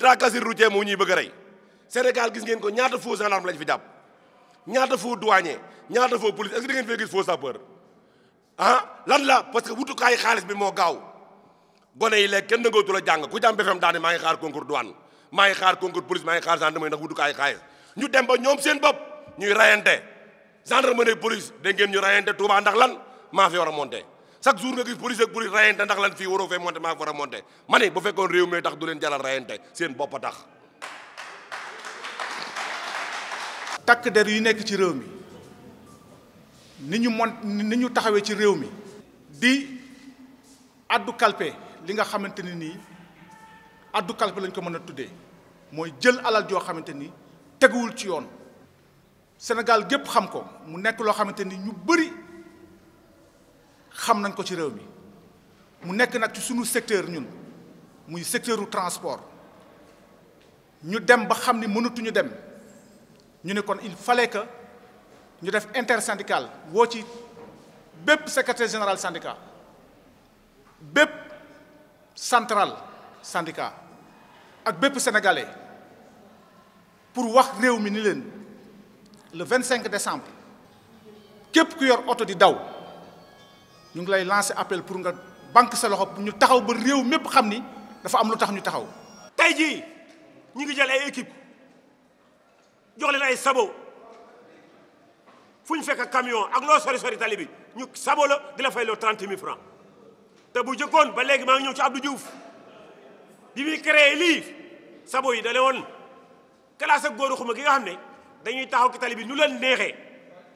tracasserie routière moo ñuy bëgg a rey Sénégal gis ngeen ko ñaata faux gendarme lañ fi jàpp ñaata faux douanier ñaata faux police est-ce que da fee gis faux sapeur ah lan la parce que wutukaayu xaalis bi moo gaaw gone yi léegi kenn nangootu la jàng ku jàmm BFM daane maa ngi xaar concours douane maa ngi xaar concours police maa ngi xaar gendarmerie ndax wutukaayu xaalis ñu dem ba ñoom seen bopp ñuy rayante gendarmerie police da ngeen ñu rayante Touba ndax lan maa fi war a monté chaque jour nga gis police ak police rayante ndax lan fii waroo fee monté maa ko war a monté ma ne bu fekkoon réew mi tax du leen jaral rayante seen bopp a tax. takk der yu nekk ci réew mi ni ñu mon ni ñu taxawee ci réew mi. di addu kalpe li nga xamante ni nii addu kalpe lañ ko mën a tuddee mooy jël alal joo xamante ni teguwul ci yoon Sénégal gépp xam ko mu nekk loo xamante ni ñu bëri. xam nañ ko ci réew mi mu nekk nag ci sunu secteur ñun muy secteuru transport ñu dem ba xam ni mënatuñu dem ñu ne kon il fallait que ñu def intersyndical woo ci bépp secrétaire général syndicat bépp central syndicat ak bépp sénégalais pour wax réew mi ni leen le 25 décembre képp ku yor oto di daw ñu ngi lay lancé appel pour nga banque sa loxo ñu taxaw ba réew mépp xam ni dafa am lu tax ñu taxaw. tey jii ñu ngi jël ay équipe jox leen ay sabo fu ñu fekk camion ak loo sori sori tali ñu sabo la di la fay loo trente mille francs te bu jëkkoon ba léegi maa ngi ñëw ci Abdou Diouf bi muy créé lii sabo yi dalee woon classe ak góoru xuma gi nga xam ne dañuy taxaw ci tali bi nu leen neexee.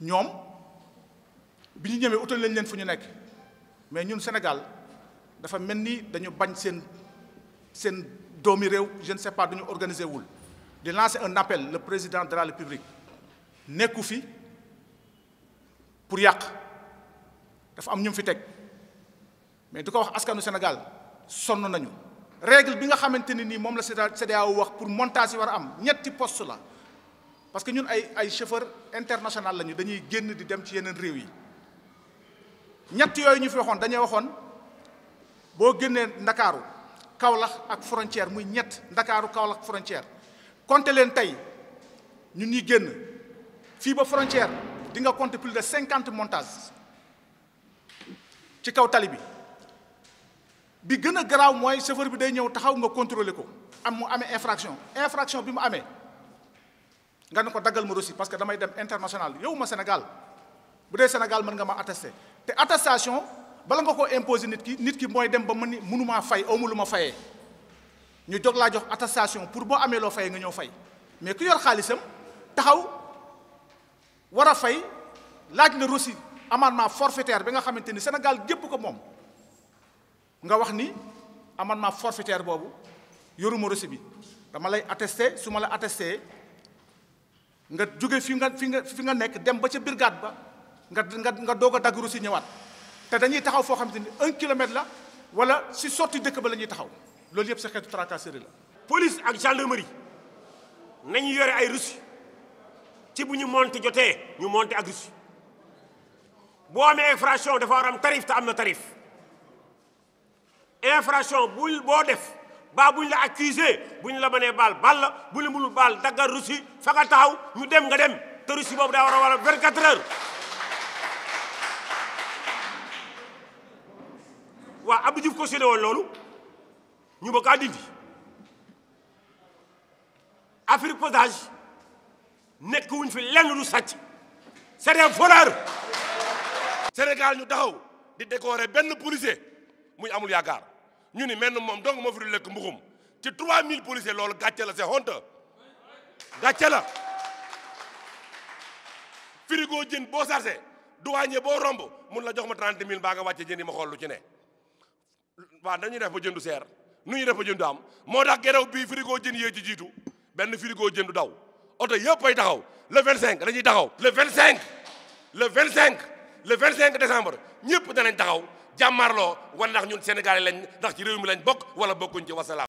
Nous, sommes ñëmé auto lañ leen fuñu nek nous, mais ñun Sénégal nous avons je ne sais pas organiser un appel le président de la République nekku fi pour yàq dafa am ñum fi tek mais nous wax askanu Sénégal sonn nañu règle bi nga xamanteni ni mom la cda wax pour montage parce que ñun ay ay chauffeur international lañu dañuy génn di dem ci yeneen réew yi ñett yooyu ñu fi waxoon dañuy waxoon boo génnee ndakaaru Kaolack ak frontière muy ñett ndakaaru Kaolack frontière compter leen tey ñun ñuy génn fii ba frontière di nga compter plus de cinquante montages ci kaw tali bi bi gën a garaaw mooy chauffeur bi day ñëw taxaw nga contrôler ko am mu amee infraction infraction bi mu amee nga ne ko dagal ma Russie parce que damay dem international yow ma Sénégal bu Sénégal nga ma attesté te attestation nga imposer nit ki nit ki dem ba fay ñu jox attestation pour boo amee loo fayee nga fay mais ku yor taxaw a fay forfaitaire bi nga ni Sénégal ko forfaitaire yoruma Russie bi dama lay attesté nga jóge fi nga fi nga fi nga nekk dem ba ca brigade ba nga nga nga doog a daggaru si te dañuy taxaw foo xam te ni un kilomètre la wala si sotti dëkk ba la ñuy taxaw loolu yëpp sa xeetu tracasserie la. police ak gendarmerie nañu yore ay russi ci bu ñu monté jotee ñu monté ak reçu boo amee infraction dafa war am tarif te am na tarif infraction bu boo def. baa ñu la bu ñu la mënee baal baal la bu la mënul baal daggal Russie fa taxaw ñu dem nga dem te Russie boobu daa war a war a 24 heures. waa Abdou Diouf cautionné woon loolu ñu bëgg a dindi affaire posage nekk wuñ fi lenn du sàcc c'est des voleurs. ñu taxaw di décorer benn policier muy amul yaakaar. ñu ni menn moom donc moo fi le lekk mbuxum 3000 policiers loolu gàcce la c'est honte gàcce la frigo jën boo sarse douanier boo romb mun la jox ma 30 000 nga wàcce jën on ma xool lu ci ne waaw dañuy def ba jëndu seer nu ñuy def ba jëndu am moo tax gerew bii frigo benn frigo daw le 25 dañuy taxaw le 25 le 25 le 25 décembre ñëpp taxaw jàmmarloo wala ndax ñun sénégalais lañ ci réew mi lañ bokk wala bokkuñ ci wasalaam